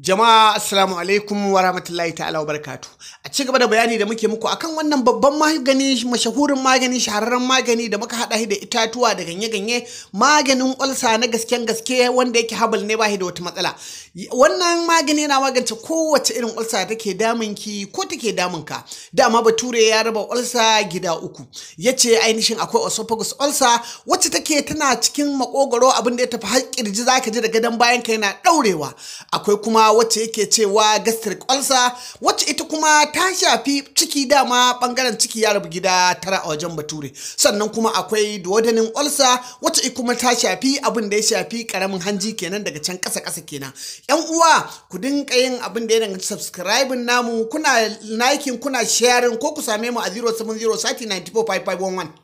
Jama'a assalamu alaikum wa rahmatullahi ta'ala wa barakatu. A ci gaba da bayani da muke muku akan wannan babban magani mashahurin magani shahararren magani da muka haɗa da itatuwa da ganye-ganye maganin ulsa na gasken gaske wanda yake habal ne ba da wata matsala. Wannan magani yana magance kowace irin ulsa take damun ki ko take damun ka. Dama bature ya raba ulsa gida uku. yace ce ainihin akwai esophagus ulsa wacce take tana cikin makogoro abinda ya tafi har kirji zaka ji da gadon bayan ka yana ɗaurewa. Akwai kuma wacce yake cewa gastric ulcer wacce ita kuma ta shafi ciki dama bangaren ciki ya rabu gida tara a wajen bature sannan kuma akwai duodenin ulcer wacce kuma ta shafi abin da ya shafi karamin hanji kenan daga can kasa kasa kenan yan uwa ku dinka yin abin da ya danganci subscribing namu kuna liking kuna sharing ko ku same mu a 070 94